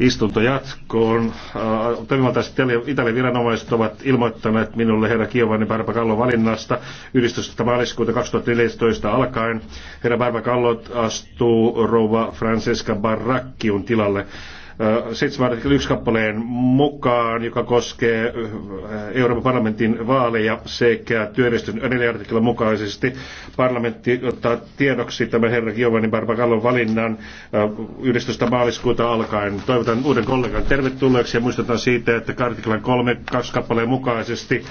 Istunto jatkoon. Äh, toimivaltaiset Italian viranomaiset ovat ilmoittaneet minulle herra Giovanni Barbacallon valinnasta 11. maaliskuuta 2014 alkaen. Herra Barbacallo astuu rouva Francesca Barracchiun tilalle. 7 artiklan kappaleen mukaan, joka koskee Euroopan parlamentin vaaleja sekä työllistyn 4 artiklan mukaisesti. Parlamentti ottaa tiedoksi tämän herra Giovanni Barbagallon valinnan 11. maaliskuuta alkaen. Toivotan uuden kollegan tervetulleeksi ja muistutan siitä, että artiklan 3 2 kappaleen mukaisesti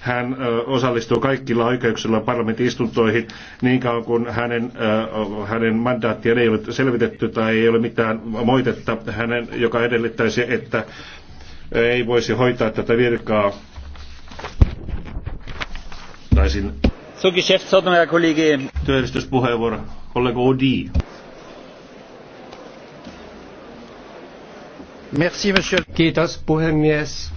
hän osallistuu kaikilla oikeuksilla parlamentin istuntoihin niin kauan kuin hänen, hänen mandaattiaan ei ole selvitetty tai ei ole mitään moitetta hänen joka edellyttäisi, että ei voisi hoitaa tätä virkaa. Taisin. Zur Geschäftsordnung, Herr Kollege. Työllistyspuheenvuoro, kollega Odi. Merci, monsieur. Kiitos, puhemies.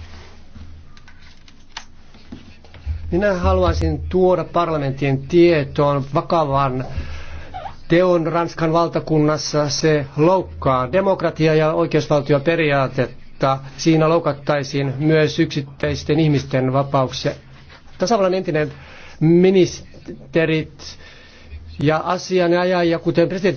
Minä haluaisin tuoda parlamentin tietoon vakavan teon Ranskan valtakunnassa. Se loukkaa demokratiaa ja oikeusvaltioperiaatetta. Siinä loukattaisiin myös yksittäisten ihmisten vapauksia. Tasavallan entinen ministerit ja asianajajia, kuten presidentti